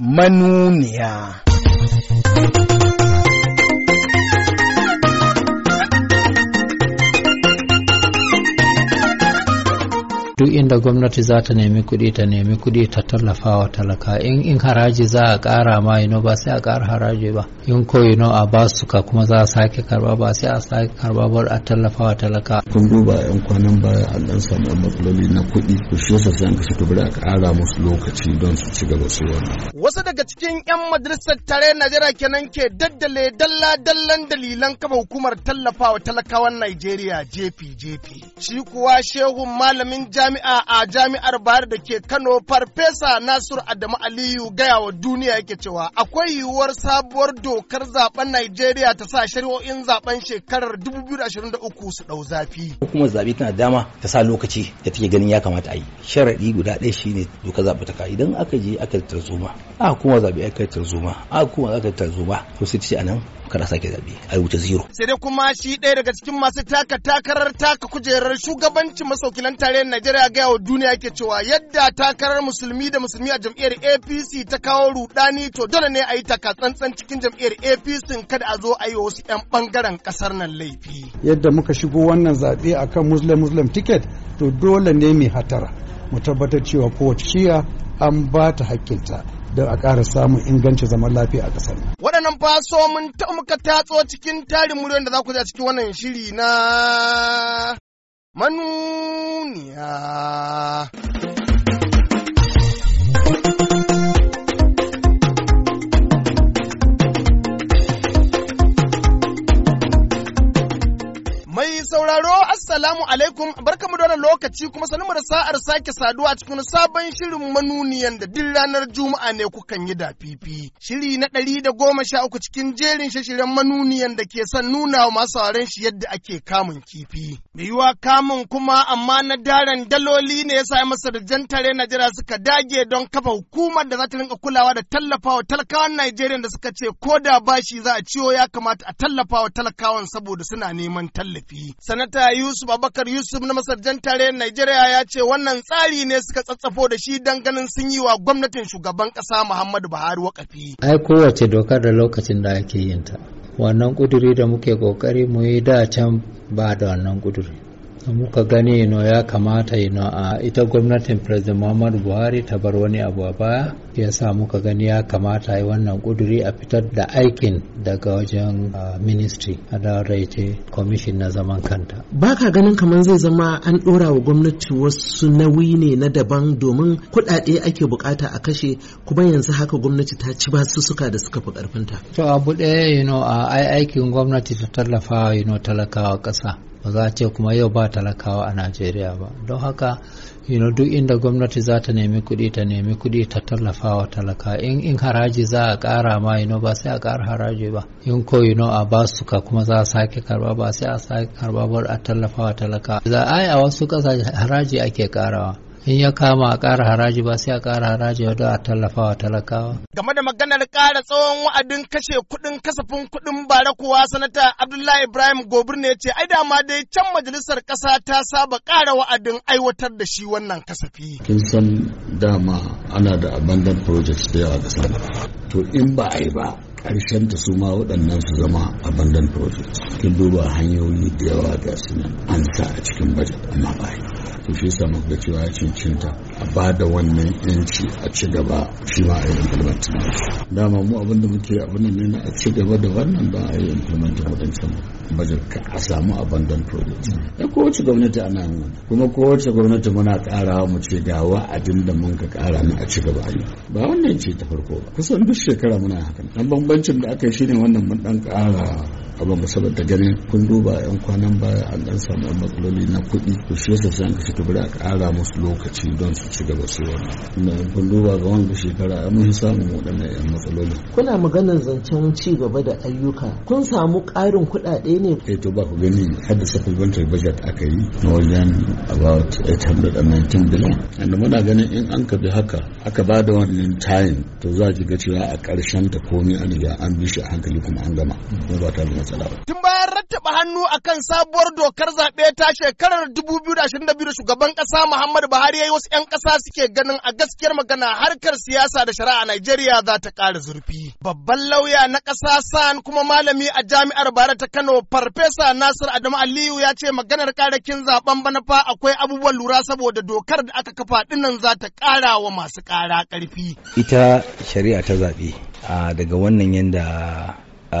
manuniya. duk inda gwamnati za ta nemi kuɗi ta nemi kuɗi ta tallafa wa talaka in haraji za a ƙara ma ino ba sai a ƙara haraji ba in ko ino a ba su ka kuma za a sake karba ba sai a sake karba ba a tallafa wa talaka. kun duba yan kwanan baya a ɗan samu matsaloli na kuɗi ku shi yasa sai an ta tubura a ƙara musu lokaci don su ci gaba su wani. wasu daga cikin yan majalisar tare najeriya kenan ke daddale dalla-dallan dalilan kafa hukumar tallafa wa talakawan najeriya jpjp shi kuwa shehun malamin ja jami'a a jami'ar Bayar da ke Kano Farfesa Nasiru Adamu Aliyu gaya wa duniya yake cewa akwai yiwuwar sabuwar dokar zaben nigeria ta sa shari'o'in zaben shekarar 2023 su dau zafi. Hukumar zabe tana dama ta sa lokaci da take ganin ya kamata a yi. Sharadi guda ɗaya shine dokar zaɓe ta kai idan aka je aka tarzoma. A hukumar zabe aka tarzoma. A hukumar aka tarzoma to sai ta ce anan kada sake zabe a wuce zero sai dai kuma shi ɗaya daga cikin masu taka takarar taka kujerar shugabancin masaukilan tarayyar Najeriya ga yau duniya ke cewa yadda takarar musulmi da musulmi a jam'iyyar APC ta kawo rudani to dole ne a yi taka tsantsan cikin jam'iyyar APC kada a zo a yi wasu 'yan bangaren kasar nan laifi yadda muka shigo wannan zaɓe akan muslim muslim ticket to dole ne mai hatara mu tabbatar cewa kowace shiya an ba ta hakkinta don a ƙara samun inganci zaman lafiya a ƙasar. Waɗannan faso mun ta muka tatso cikin tarin muryoyin da za ku ji a cikin wannan shiri na manuniya. mai sauraro Assalamu alaikum, barkamu da wannan lokaci kuma sanin da sa'ar sake saduwa cikin sabon shirin manuniyan da duk ranar Juma'a ne kukan yi da fifi. Shiri na ɗari da goma sha uku cikin jerin shashiren manuniyan da ke son nuna wa masu sauran shi yadda ake kamun kifi. Mai yiwa kamun kuma amma na daren daloli ne ya sa masa da jantare Najeriya suka dage don kafa hukumar da za ta rinka kulawa da tallafawa talakawan Najeriya da suka ce ko da bashi za a ciwo ya kamata a tallafawa talakawan saboda suna neman tallafi. Sanata Yusuf Abubakar Yusuf na masar tare tarayyar Najeriya ya ce wannan tsari ne suka tsatsafo da shi don ganin sun yi wa gwamnatin shugaban ƙasa Muhammadu Buhari wakafi. Ai kowace dokar da lokacin da ake yin ta. Wannan ƙuduri da muke kokari mu yi da can ba da wannan kuduri. muka gani no ya kamata no a ita gwamnatin president muhammadu buhari ta bar wani abu a baya ya sa muka gani ya kamata yi wannan kuduri a fitar da aikin daga wajen ministry a daraite commission na zaman kanta ba ka ganin kamar zai zama an dora wa gwamnati wasu nauyi ne na daban domin kuɗaɗe ake bukata a kashe kuma yanzu haka gwamnati ta ci ba suka da suka fi karfinta to abu ɗaya you know ai aikin gwamnati ta tallafa you know talakawa ƙasa ba za a ce kuma yau ba talakawa a najeriya ba don haka you know, duk inda gwamnati za ta nemi kuɗi ta nemi kuɗi ta tallafa wa talaka in in haraji za a ƙara ma you ba sai a ƙara haraji ba in ko you a ba su ka kuma za a sake karba ba sai a sake karba ba a tallafa wa talaka za a yi a wasu ƙasashe haraji ake ƙarawa in ya kama a ƙara haraji ba sai a ƙara haraji wa a tallafa wa talakawa. Game da maganar ƙara tsawon wa'adin kashe kuɗin kasafin kuɗin bara kuwa sanata Abdullahi Ibrahim Gobir ne ce ai da ma dai can majalisar ƙasa ta saba ƙara wa'adin aiwatar da shi wannan kasafi. Kin san dama ana da abandon projects da yawa da sana. To in ba a yi ba karshen ta su ma waɗannan su zama abandon projects. Kin duba hanyoyi da yawa ga su an sa a cikin budget amma ba yi. to shi yasa muka cewa ya cincinta a ba da wannan yanci a ci gaba shi ma a yi implementin dama mu abin muke abin da ne a ci gaba da wannan ba a yi implementin wadancan bajar a samu abandon project ya kowace gwamnati ana yi kuma kowace gwamnati muna karawa mu ce ga wa'adin da mun ka kara na a ci gaba a yi ba wannan ce ta farko ba kusan duk shekara muna hakan bambancin da aka yi shine wannan mun dan kara ba saboda ganin kun duba yan kwanan baya an dan samu yan matsaloli na kuɗi to shi yasa sai an kashe to bari a ƙara musu lokaci don su ci gaba su wannan kun duba ga wani shekara an mun samu waɗannan yan matsaloli kuna maganar zancen ci gaba da ayyuka kun samu ƙarin kuɗaɗe ne eh to ba ku gani haddasa supplementary budget aka yi na wajen about 819 billion and muna ganin in an kabi haka aka ba da wannan time to za ki ga cewa a ƙarshen ta komi an riga an bi shi a hankali kuma an gama ba ta Tun bayan rattaba hannu akan sabuwar dokar zaɓe ta shekarar 2022 shugaban ƙasa Muhammadu Buhari ya yi wasu 'yan ƙasa suke ganin a gaskiyar magana harkar siyasa da shari'a a Najeriya za ta ƙara zurfi. Babban lauya na ƙasa San kuma malami a jami'ar Bara ta Kano Farfesa Nasir Adamu Aliyu ya ce maganar ƙarakin zaben bana fa akwai abubuwan lura saboda dokar da aka kafa ɗinnan za ta ƙara wa masu ƙara ƙarfi. Ita shari'a ta zaɓe daga wannan yanda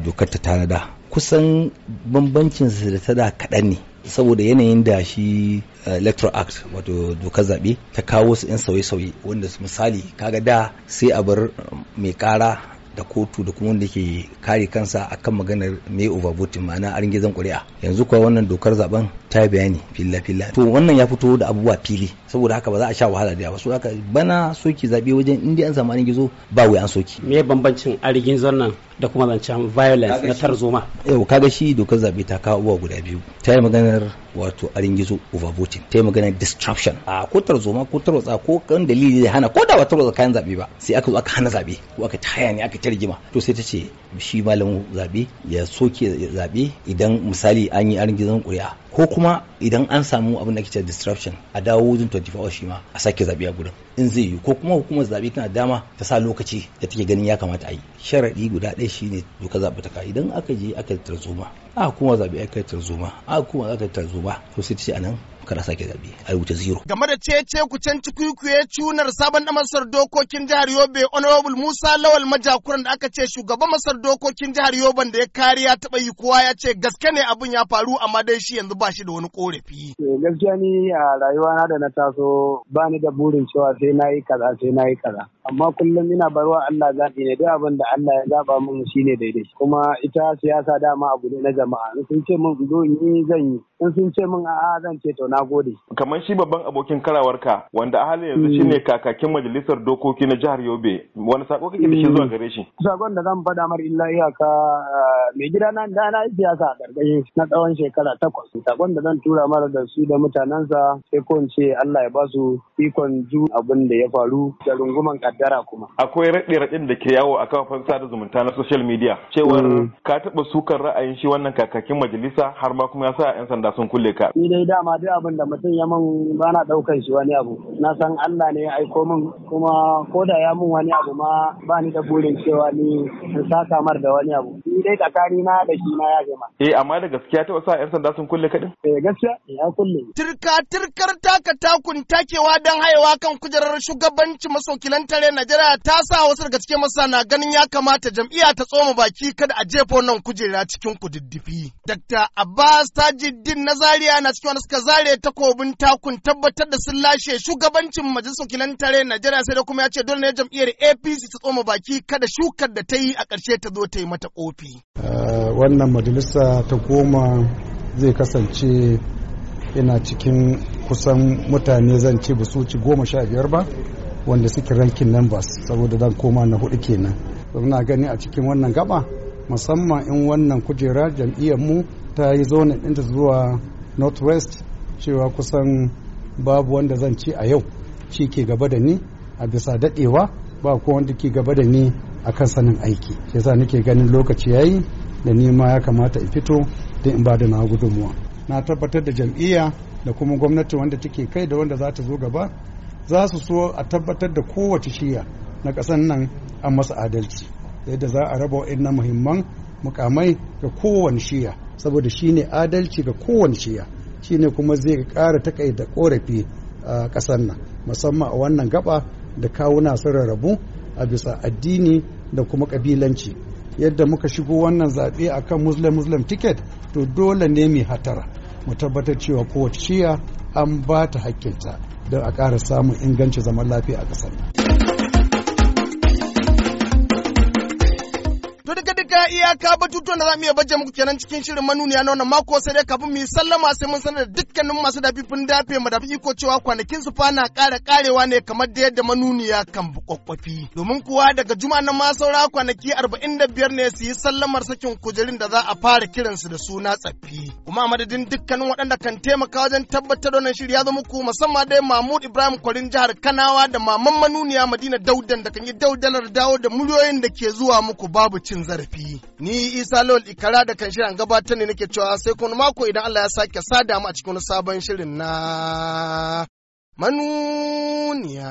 dokar ta tanada kusan bambancin su da ta da kaɗan ne saboda yanayin da shi eh, electoral act wato dokar zaɓe ta kawo su 'yan sauye-sauye wanda misali kaga da sai a bar mai ƙara da kotu da kuma wanda ke kare kansa akan maganar mai overvoting ma'ana arin gizon kuri'a yanzu kuwa wannan dokar zaben ta bayani filla filla to wannan ya fito da abubuwa fili saboda haka ba za a sha wahala da yawa so haka bana soki zabe wajen inda an samu an gizo ba wai an soki me bambancin arigin nan da kuma zancen violence na tarzoma yau kaga shi dokar zabe ta kawo abubuwa guda biyu ta yi maganar wato a ringizo overvoting ta yi maganar disruption a ko tarzoma ko tarwatsa ko kan dalili da hana ko da ba tarwatsa kayan zabe ba sai aka zo aka hana zabe ko aka taya ne aka ta rigima to sai ta ce shi malamin zabe ya soke zabe idan misali an yi a ringizon kuri'a ko kuma idan an samu abin da ake disruption a dawo wajen 24 hours shi ma a sake zabe a gurin in zai yi ko kuma hukumar zabe tana dama ta sa lokaci da take ganin ya kamata a yi sharaɗi guda ɗaya shine doka zaɓe ta idan aka je aka yi tarzoma a kuma zaɓe aka yi tarzoma a kuma aka yi tarzoma to sai ta ce anan kada sake zaɓe a wuce zero. Game da cece kucen cikuikuye cunar sabon da masar dokokin jihar Yobe Honorable Musa Lawal Majakuran da aka ce shugaban masar dokokin jihar Yoban da ya ya taɓa yi kowa ya ce gaske ne abin ya faru amma dai shi yanzu ba shi da wani korafi. Gaskiya ni a rayuwa na da na taso bani da burin cewa sai na yi kaza sai na yi kaza. amma kullum ina barwa Allah zaɓi ne duk abin da Allah ya zaɓa min shine daidai kuma ita siyasa dama abu ne na jama'a in sun ce min zo yi zan yi in sun ce min a'a zan ce to nagode kamar shi babban abokin karawarka wanda a halin yanzu shine hmm. kakakin majalisar dokoki na jihar Yobe wani sako kake da shi zuwa hmm. gare shi sakon da zan faɗa mar illa iyaka ah, mai gida na da na siyasa a gargaye na tsawon shekara takwas sakon da zan tura mara da su da mutanensa sai ko in ce Allah ya ba su ikon ju abin da ya faru da runguman yaudara kuma. Akwai raɗe-raɗin da ke yawo a kafafen sada zumunta na social media cewar mm. ka taɓa sukar ra'ayin shi wannan kakakin majalisa har ma kuma ya sa 'yan sanda sun kulle ka. Ni dai dama duk abin da mutum ya min ba na ɗaukan shi wani abu. Na san Allah ne ya aiko min kuma ko da ya min wani abu ma ba ni da burin cewa ni in saka mar da wani abu. Ni dai tsakani na da shi na ya gama. Eh amma da gaskiya taɓa sa 'yan sanda sun kulle ka ɗin? Eh gaskiya ya kulle. Turka turkar taka takun takewa don haihuwa kan kujerar shugabanci masokilan tare tarayyar Najeriya ta sa wasu daga cikin masana ganin ya kamata jam'iyya ta tsoma baki kada a jefa wannan kujera cikin kududdufi. Dr. Abbas Tajiddin na Zaria na cikin wanda suka zare takobin takun tabbatar da sun lashe shugabancin majalisar wakilan tarayyar Najeriya sai da kuma ya ce dole ne jam'iyyar APC ta tsoma baki kada shukar da ta yi a ƙarshe ta zo ta yi mata kofi. Eh, wannan majalisa ta goma zai kasance ina cikin kusan mutane zan ce ba su ci goma sha biyar ba wanda suke rankin numbers saboda dan koma na hudu kenan muna gani a cikin wannan gaba musamman in wannan kujera jam'iyyar mu ta yi zone ɗinta zuwa northwest cewa kusan babu wanda zan ci a yau shi ke gaba da ni a bisa daɗewa ba ko wanda ke gaba da ni a kan sanin aiki shi yasa nake ganin lokaci yayi da ni ma ya kamata in fito da in bada na gudunmuwa na tabbatar da jam'iyya da kuma gwamnati wanda take kai da wanda za ta zo gaba za su so a tabbatar da kowace shiya na ƙasar nan a masa adalci yadda za a raba na muhimman mukamai ga kowane shiya saboda shine adalci ga kowane shiya shine kuma zai ƙara takaita korafi a ƙasar nan musamman a wannan gaba da kawuna sun rabu a bisa addini da kuma ƙabilanci yadda muka shigo wannan zaɓe a kan muslim muslim ticket to dole ne mai hatara mu tabbatar cewa kowace shiya an ba ta hakkinta don a ƙara samun inganci zaman lafiya a ƙasar. ga iyaka batutuwan da za mu iya baje muku kenan cikin shirin manuniya na wannan mako sai dai kafin mu yi sallama sai mun sanar da dukkanin masu dafifin dafe mu dafi iko cewa kwanakin su fana na ƙara ƙarewa ne kamar da yadda manuniya kan bukwakwafi. Domin kuwa daga juma na ma saura kwanaki arba'in da biyar ne su yi sallamar sakin kujeru da za a fara su da suna tsaffi. Kuma a madadin dukkanin waɗanda kan taimaka wajen tabbatar da wannan shiri ya zo muku musamman dai Mahmud Ibrahim Kwarin jihar Kanawa da Maman Manuniya Madina Daudan da kan yi daudalar dawo da muryoyin da ke zuwa muku babu cin zarafi. ni isa lol ikara da kan shirin gabatar ne nake cewa sai kuma mako idan Allah ya sake sada mu a cikin sabon shirin na manuniya